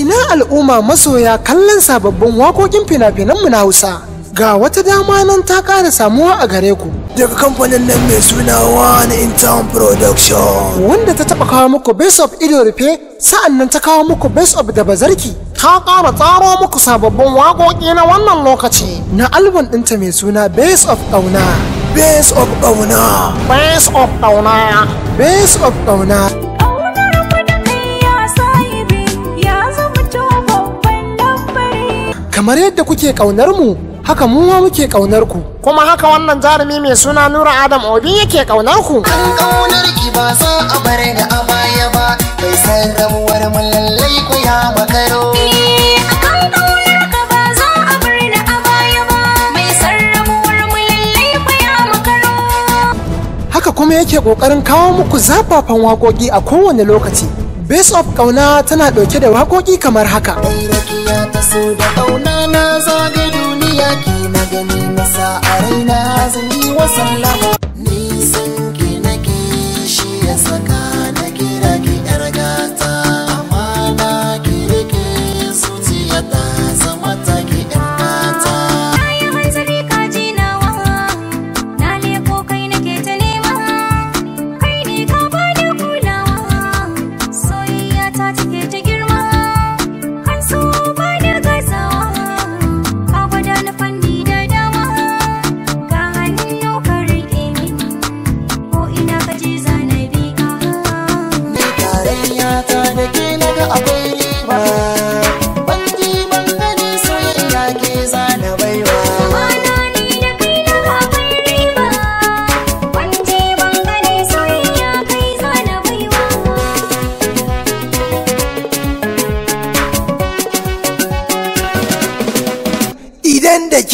ina al'umma masoya kallon sababbin wakokin fina-finanmu na Hausa. Ga wata dama nan ta ƙara samuwa a gare ku. Daga kamfanin nan mai suna One Town Production. Wanda ta taɓa kawo muku Best of Ido Rufe, sa'an nan ta kawo muku Best of da Bazarki. ta ƙara tsaro muku sababbin waƙoƙi na wannan lokaci na album ɗinta mai suna Base of Ƙauna. Base of Ƙauna. Base of Ƙauna. Base of Ƙauna. kamar yadda kuke ƙaunar mu haka mu ma muke ƙaunar ku kuma haka wannan jarumi mai suna nura adam obi yake ƙaunar ku an ƙaunar ki ba za a bar ni a baya ba bai san rabuwar mu lallai ku ya makaro haka kuma yake ƙoƙarin kawo muku zafafan waƙoƙi a kowane lokaci Base of Kauna tana ɗauke da waƙoƙi kamar haka. Rakiya ta so da ƙauna na zage duniya ki na gani na sa a raina zan yi wa sallama.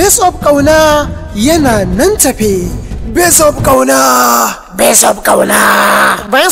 base of kauna yana nan tafe base of kauna base of kauna